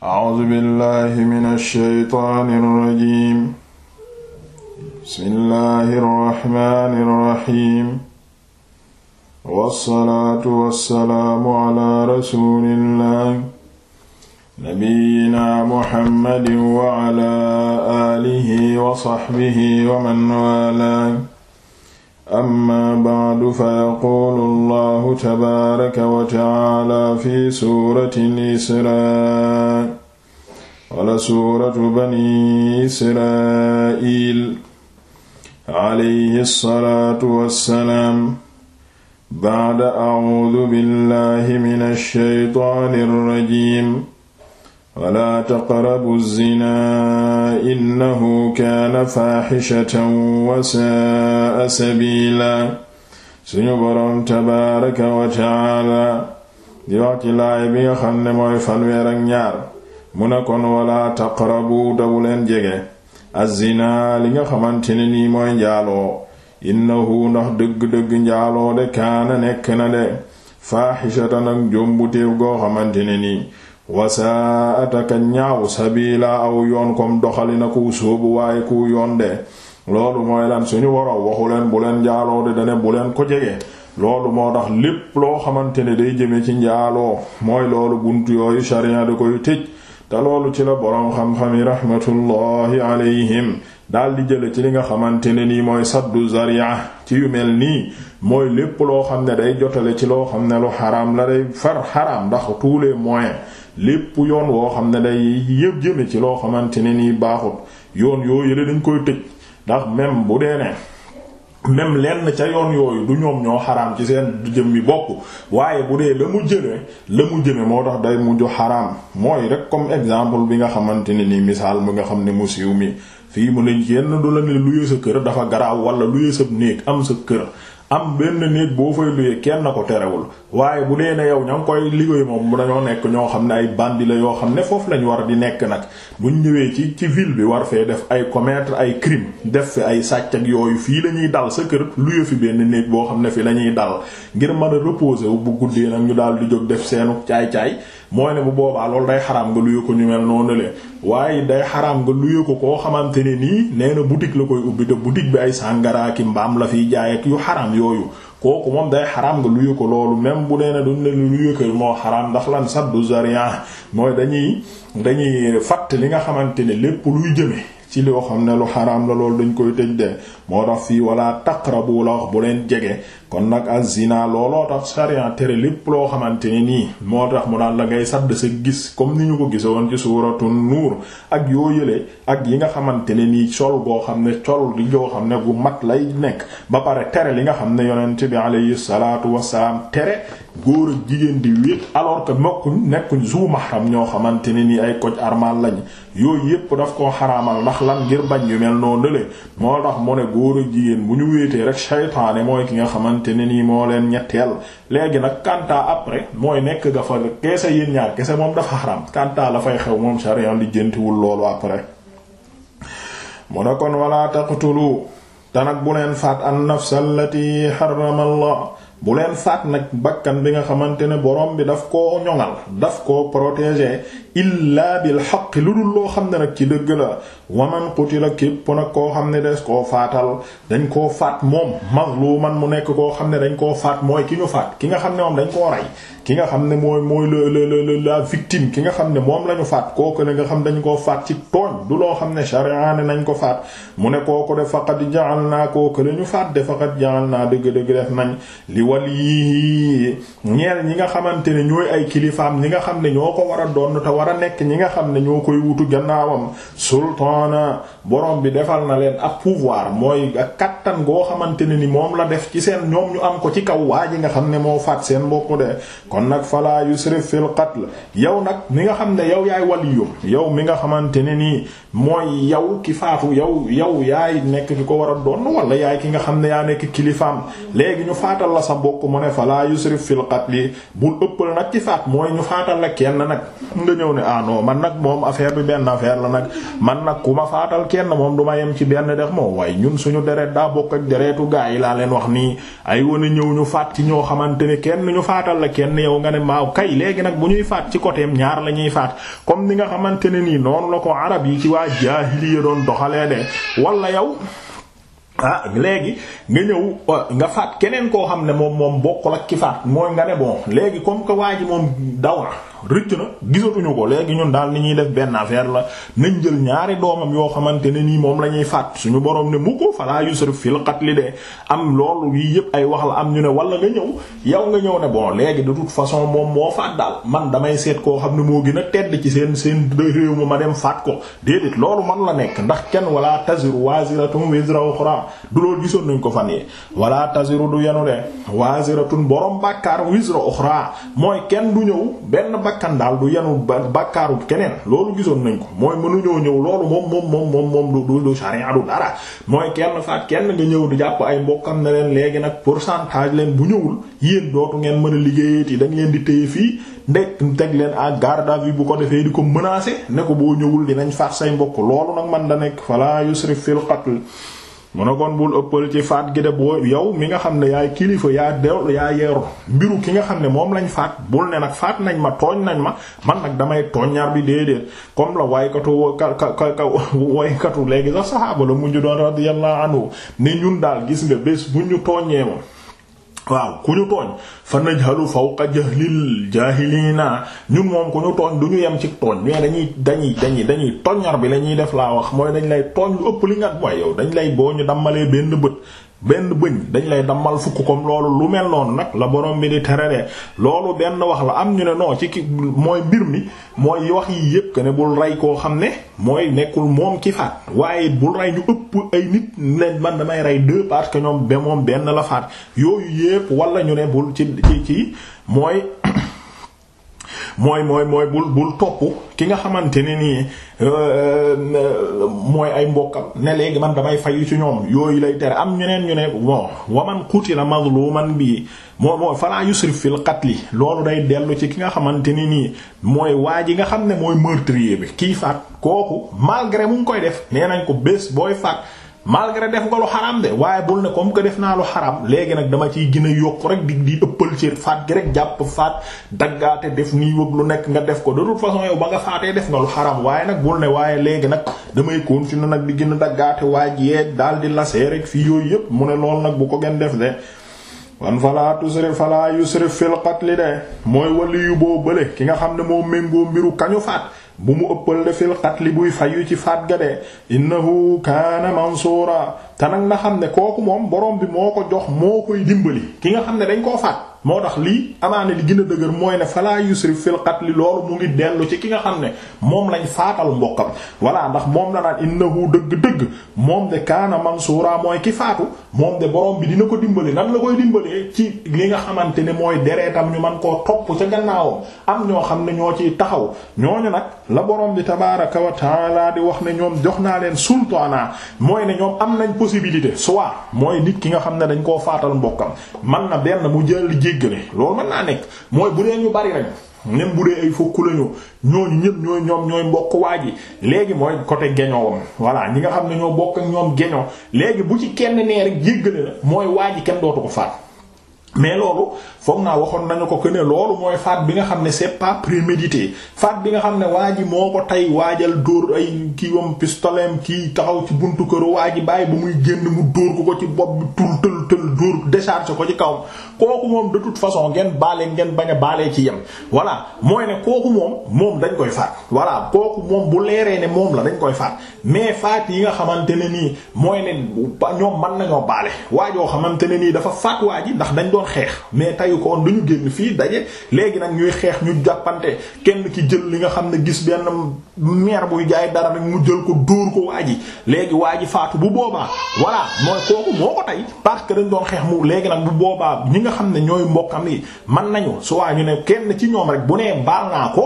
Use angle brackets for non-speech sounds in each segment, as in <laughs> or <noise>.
A'uuzu billaahi mina shaytaani rajiim. Bismillaahi rahmaani rahiim. Wassalaatu wassalaamu alaa rasuulillaahi nabiyyinaa Muhammadin wa alaa aalihi wa sahbihi wa man waalaahu. amma ba'du fa yaquulu allahu tabaaraka wa ta'aala fi suurati Israa wala suuratu bani Israa'iil alayhi salaatu wassalaam ba'da a'uudu billahi mina shaytaani rajiim wala taqrabu zinaa innahu kaana faaxishatan wa sa'a suñu boroom tabaaraka wa ta'aala di ci laay bi nga xam ne mooy fanweer ak ñaar mu ne kon wala taqrabu dawu leen jege azzinaa li nga xamante ne nii mooy njaaloo innahu ndax dëgg-dëgg njaaloo de kaana nekk na de faaxishatan ak njombuteef goo xamante ne nii wasaa ataka ñaaw la aw yoon kom doxali na ku sóobu waaye ku yoon de loolu mooy lan suñu woroom waxu leen bu leen njaaloo de dane bu leen ko jege loolu moo tax lépp loo xamante ne day jëme ci njaaloo mooy loolu bunt yooyu sharia da koy tëj te loolu ci la boroom xam-xami rahmatullahi alayhim daal di jële ci li nga xamante ne nii mooy saddu zaria ci yu mel nii mooy lépp loo xam ne day jotale ci loo xam ne lu xaraam la day far xaraam ndax tous les moyens lépp yoon woo xam ne day yëpp jëme ci loo xamante ne nii baaxut yoon yoo yële dañ koy tëj ndax même bu dee ne même lenn ca yoon yooyu du ñoom ñoo xaraam ci seen jëm bi bokk waaye bu dee la mu jëme la mu jëme moo tax day mujj xaraam mooy rek comme exemple bi nga xamante ni nii misaal mi nga xam ne mu siiw mi fii mu ne yenn du la ne luye sa kër dafa garaaw wala luye sa néeg am sa kër am benn néeg boo fay luyee kenn na ko terewul waaye bu dee ne yow ña ngi koy liggéey moom bu dañoo nekk ñoo xam ne ay bandi la yoo xam ne foofu lañ war di nekk nag buñ ñëwee ci ci ville bi war fee def ay commettre ay crime def fi ay sàcc yooyu fii la ñuy dal sa kër luye fi benn néeg boo xam ne fi la ñuy dal ngir mën a wu bu guddee nag ñu daal di jóg def seenu caay-caay mooy ne bu boobaa lool day xaraam nga luye ko ñu mel noonu le waaye day xaraam nga luye ko koo xamante ne nii nee na boutique la koy ubbi te boutique bi ay sàngaraaki mbaam la fiy jaay ak yu xaraam yooyu kooku moom day xaraam nga luyu ko loolu même bu dee ne duñ la luyu moo xaraam ndax lan saddu zariya mooy dañuy dañuy fatt li nga xamante ne lépp luy jëme ci loo xam ne lu xaraam la loolu dañ koy tëj de moo tax fii wala taqrabu la wax bu leen jege kon nag azina looloo tax sharia tere lépp loo xamante ne nii moo tax mu daan la ngay sadd sa gis comme ni ñu ko gise woon ci suuratu nuur ak yoo yële ak yi nga xamante ne nii sol goo xam ne sol di joo xam ne gu mat lay nekk ba pare tere li nga xam ne yonent bi alayhi salaatu wassalaam tere góor ak jigéen di wéet alors que mokkuñ nekkuñ zu mahram ñoo xamante ne nii ay koj lañ yooyu yépp daf koo xaraamal ndax lan ngir bañ yu mel noonu le moo tax mu ne góor ak jigéen bu ñu wéetee rek shaytaane mooy ki nga xamante xamante ne nii moo leen ñetteel léegi nag kanta après mooy nekk ga fa keese yéen ñaar kese moom dafa xaram kanta la fay xew moom sharia li jëntiwul loolu après mu ne kon wala taqtulu te nag bu leen faat an nafsa allati harrama Allah bu leen faat nag bakkan bi nga xamante ne borom bi daf koo ñoŋal daf koo protéger illaa bil xaq lu dul loo xam ne nag ci dëgg la waman qutila képp nag koo xam ne des koo faatal dañ koo faat moom mazluman mu nekk koo xam ne dañ koo faat mooy ki ñu ki nga xam ne moom dañ koo rey ki nga xam ne mooy mooy la la victime ki nga xam ne moom la faat kooku ne nga xam dañ koo faat ci tooñ du loo xam ne shari'aane nañ ko faat mu ne kooku de faqad ja'alna kooku la ñu faat de faqad ja'alna dëgg-dëgg def nañ li wal yi ñeel ñi nga xamante ne ñooy ay kilifaam ñi nga xam ne ñoo ko war a doon war a nekk ñi nga xam ne ñoo koy wutu gannaawam sultaana borom bi defal na leen ak pouvoir mooy kattan goo xamante ne ni moom la def ci seen ñoom ñu am ko ci kaw waa ji nga xam ne moo faat seen mbokk de kon nag fala yusrif fil la yow nag mi nga xam ne yow yaay waliyum yow mi nga xamante ne nii mooy yow ki faatu yow yow yaay nekk ki ko war a doon wala yaay ki nga xam ne yaa nekk kilifaam léegi ñu faatal la sa mbokk mu ne fa laa yusrif fil qatli bul ëppal nag ci faat mooy ñu faatal la kenn nag nga ñëw ne ah non man nag moom affaire bi benn affaire la nag man nag ku ma faatal kenn moom du ma yem ci benn def moo waaye ñun suñu deret daa bokk ak deretu gaa yi laa leen wax nii ay wane ñëw ñu faat ci ñoo xamante ne kenn ñu faatal la kenn yow nga ne maaw kay léegi nag bu ñuy faat ci côté ñaar la ñuy faat comme ni nga xamante ne nii noonu jaahiliya doon doxalee de wala yow ah léegi nga ñëw nga faat keneen koo xam ne moom moom bokkul ak ki faat mooy nga ne bon léegi comme que waa ji moom daw na rëcc na gisatuñu ko léegi ñun daal ni ñuy def benn affaire la nañ jël ñaari doomam yoo xamante ne nii moom lañuy ñuy faat suñu borom ne mu ko falaa yusrif fil qatl de am loolu yii yëpp ay wax la am ñu ne wala nga ñëw yow nga ñëw ne bon léegi de toute façon moom moo faat daal man damay seet koo xam ne moo gën a tedd ci seen seen réew ma ma dem ko déedéet loolu man la nekk ndax kenn wala taziru waziratun wizra ukhra du loolu gisoon nañ ko fan yee wala taziru du yenu de waziratun borom bàkkaar wizra uxra mooy kenn du ñëw benn bakkan daal du yenu bàkkaaru keneen loolu gisoon nañ ko mooy mënuñoo ñëw loolu moom moom moom moom du du sharia du dara mooy kenn faat kenn nga ñëw di jàpp ay mbokkam ne leen léegi nag pour pourcentage leen bu ñëwul yéen dootu ngeen mën a tii dañ leen di téye fii ndek teg leen ak garde à vue bu ko defee di ko menacer ne ko boo ñëwul dinañ faat say mbokk loolu nag man da nekk fala yusrif fil mu ne kon bul ëppal ci faat gi de boo yow mi nga xam ne yaay kilifa yaa dew yaa yeeru mbiru ki nga xam ne moom lañ faat bul ne nag faat nañ ma tooñ nañ ma man nag damay tooññaar bi déedéet comme la waykatu ka ka ka <laughs> waykatu léegi sax saxaaba la mujj doon radiyallahu anhu ne ñun daal gis nga bés bu ñu tooñee moom waaw ku ñu tooñ fa najhalu fawqa jahlil jaahilina ñun moom ku ñu tooñ du ñu yem ci tooñ mais dañuy dañuy dañuy dañuy toñar bi la def laa wax mooy dañ lay tooñ lu ëpp li nga mooy yow dañ lay boo ñu dammalee benn bët benn bëñ dañ lay dammal fukk comme loolu lu mel noonu nag la borom bi di tereree loolu benn wax la am ñu ne noo ci ki mooy mbir mi mooy wax yi yépp que ne bul rey koo xam ne mooy nekkul moom ki faat waaye bul rey ñu ëpp ay nit man damay rey deux parce que ñoom ba moom benn la faat yooyu yépp walla ñu ne bul ci ci ci mooy mooy mooy mooy bul bul topp ki nga xamante ne nii euh, euh, mooy ay mbokkam ne léegi man damay yu ci ñoom yooyu lay tere am ñeneen ñu ne bon waman qutila man bii moo moo fala yusrif fil qatli loolu day dellu ci ki nga xamante ni nii mooy waa ji nga xam ne mooy meurtrier bi kii faat kooku malgré mu ngi koy def nee nañ ko bés booy faat malgré def nga lu xaram de waaye bul ne comme que def naa lu xaram léegi nag dama ci gën yokk rek di di ëppal ci faat gi rek jàpp faat daggaate def nii wëg lu nekk nga def ko de toute façon yow ba nga faatee def nga lu xaram waaye nag bul ne waaye léegi nag damay continuer nag di gën a daggaate waaj yeeg daal di lasee rek fi yooyu yëpp mu ne loolu nag bu ko gën def de wan falaa tusrif falaa yusrif fil qatl de mooy waliyu boo bële ki nga xam ne moo méngoo mbiru kañu faat bu mu ëppal de fil qatli buy yu ci faat ga de innahu kaana mansuura te nag na xam ne kooku moom borom bi moo ko jox moo koy dimbali ki nga xam ne dañ koo faat moo tax lii amaane li gën a dëgër mooy ne fala yusrif fil qatl loolu mu ngi dellu ci ki nga xam ne moom lañ faatal mbokkam voilà ndax moom la naan innahu dëgg-dëgg moom de kaana mansuura mooy ki faatu moom de borom bi dina ko dimbali nan la koy dimbalee ci li nga xamante ne mooy dereetam ñu man koo topp ca gannaawam am ñoo xam ne ñoo ciy taxaw ñooñu nag la borom bi tabaaraka wa laa di wax ne ñoom jox naa leen sultaana mooy ne ñoom am nañ possibilité soit mooy nit ki nga xam ne dañ koo faatal mbokkam jéggale loolu mën naa nekk mooy bu dee ñu bari rek même bu dee ay fukk lañu ñooñu ñëpp ñooy ñoom ñooy mbokk waa ji léegi mooy côté geñoowam voilà ñi nga xam ne ñoo bokk ak ñoom geñoo léegi bu ci kenn nee rek jéggale la mooy waa ji kenn dootu ko faat mais loolu foog naa waxoon nañu ko que ne loolu mooy faat bi nga xam ne c'est pas prémédité faat bi nga xam ne waa ji moo ko tey waajal dóor ay kiiwam pistolem kii taxaw ci buntu kër waa ji bàyyi ba muy génn mu dóor ko ko ci bopp bi tul tël tël dóor décharge ko ci kaw kooku moom de toute façon ngeen baale ngeen bañ a baalee ci yem voilà mooy ne kooku moom moom dañ koy faat voilà kooku moom bu leeree ne moom la dañ koy faat mais faat yi nga xamante ne nii mooy ne ñoom mën nañoo baale waajoo xamante ne nii dafa faat waa ji doon xeex mais tayu ko woon dañu génn fii daje léegi nag ñuy xeex ñu jàppante kenn ci jël li nga xam ne gis benn meer buy jaay dara rek mu jël ko dóor ko waa ji léegi waa ji faatu bu boobaa voilà mooy kooku moo ko tey parce que dañ doon xeex mu léegi nag bu boobaa ñi nga xam ne ñooy mbokkam yi man nañu su waa ñu ne kenn ci ñoom rek bu nee baal naa ko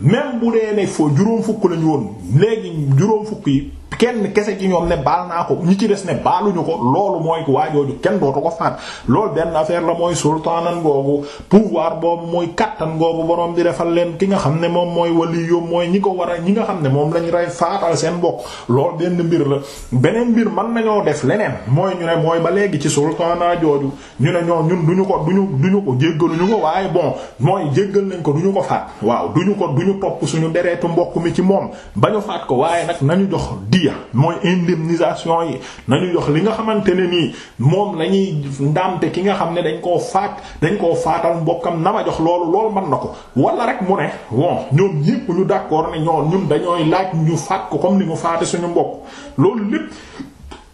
même bu dee ne foo juróom fukk lañu woon léegi juróom fukk yi kenn kese ci ñoom ne baal naa ko ñi ci des ne baaluñu ko loolu mooy waajooju kenn dootu ko faat loolu benn affaire la mooy sultaanan googu pouvoir boobu mooy kattan googu borom defal leen ki nga xam ne moom mooy wali mooy ñi ko war ñi nga xam ne moom lañ rey faatal seen bokk loolu benn mbir la beneen mbir mën nañoo def leneen mooy ñu ne mooy ba léegi ci sultaana jooju ñu ne ñoo ñun duñu ko duñu duñu ko jéggaluñu ko waaye bon mooy jéggal nañ ko duñu ko faat waaw duñu ko duñu topp suñu dereetu mbokk mi ci moom bañu faat ko waaye nag nañu jox fiddiya mooy indemnisation yi nañu jox li nga xamante ne nii moom lañuy ñuy ndamte ki nga xam ne dañ koo faat dañ koo faatal mbokkam na ma jox loolu loolu mën na ko wala rek mu ne bon ñoom ñépp ñu d'accord ne ñoo ñun dañooy laaj ñu faat ko comme ni mu faate suñu mbokk loolu lépp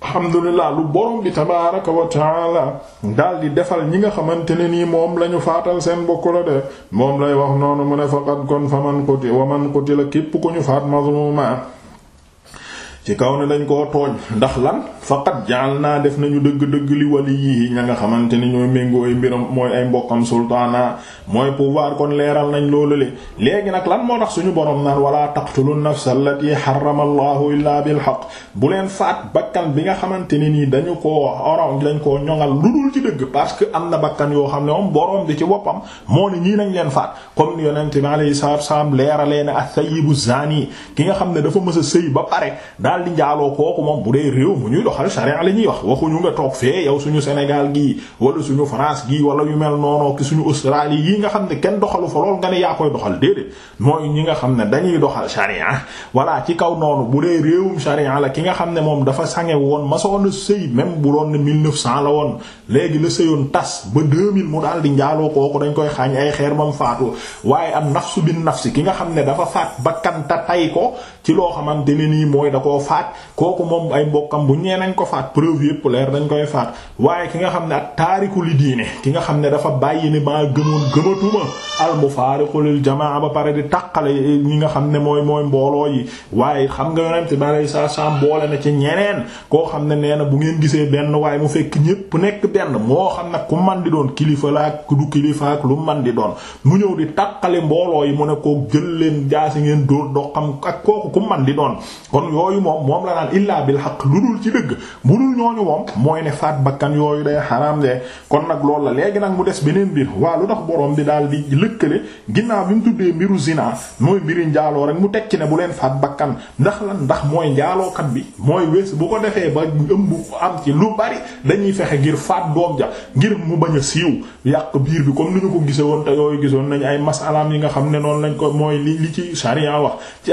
alhamdulillah lu borom bi tabaaraka wa taala di defal ñi nga xamante ne nii moom lañu faatal seen bokk la de moom lay wax noonu mu ne faqad kon fa man quti wa man qutila képp ku ñu faat mazmuma ci kaw ne dañ koo tooñ ndax lan faqat jaal naa def nañu dëgg-dëgg li wali yii ña nga xamante ni ñooy méngoo ay mbiram mooy ay mbokkam sultaana mooy pouvoir kon leeral nañ loolu le léegi nag lan moo tax suñu borom naan wala taqtulu nafsa allati harrama allahu illaa bil haqq bu leen faat bakkan bi nga xamante ni nii dañu ko oron dañ koo ñoŋal lu dul ci dëgg parce que am na bakkan yoo xam ne moom borom bi ci boppam moo ne ñii nañ leen faat comme yonent bi alayhi salaatu wassalaam leeralee ne as-sayyibu zaani ki nga xam ne dafa mës a ba pare daal di njaaloo kooku waxal sharia la ñuy wax waxuñu nga toog fee yow suñu Sénégal gii wala suñu France gii wala yu mel noonu ki suñu Australie yi nga xam ne kenn doxalu fa lool nga ne yaa koy doxal déedéet mooy ñi nga xam ne dañuy doxal sharia voilà ci kaw noonu bu dee réewum sharia la ki nga xam ne moom dafa sange woon masoon a sëy même bu doon ne 1900 la woon léegi la sëyoon tas ba 2000 mu daal di njaaloo kooku dañ koy xaañ ay xeer bam faatu waaye am nafsu bin nafsi ki nga xam ne dafa faat bakkan tay ko ci loo xamante ne nii mooy da koo faat kooku moom ay mbokkam bu ñee nañ ko faat preuve yépp leer dañ koy faat waaye ki nga xam ne ak taariku li diine ki nga xam ne dafa bàyyi ne maa gëmoon gëmatuma al mufaariqu lil jamaa ba pare di taqale ñi nga xam ne mooy mooy mbooloo yi waaye xam nga yonente bi saa salaam boole na ci ñeneen koo xam ne nee na bu ngeen gisee benn waaye mu fekk ñépp nekk benn moo xam ne ku man di doon kilifa la ak du kilifa ak lu man di doon mu ñëw di taqale mbooloo yi mu ne ko jël leen jaasi ngeen dóor doxam ak kooku ku man di doon kon yooyu moom moom la naan illaa bil haqq lu dul ci dëgg mu dul ñooñu moom mooy ne faat bakkan yooyu day xaraam de kon nag lool la léegi nag mu des beneen mbir waa lu tax borom bi daal di lëkkale ginnaaw bi mu tuddee mbiru zina mooy mbiri njaaloo rek mu teg ci ne bu leen faat bakkan ndax lan ndax mooy njaalookat bi mooy wés bu ko defee ba ëmb am ci lu bari dañuy fexe ngir faat doom ja ngir mu bañ a siiw yàq biir bi comme ni ñu ko gisee woon te yooyu gisoon nañu ay masalaam yi nga xam ne noonu lañ ko mooy li li ci sharia wax ci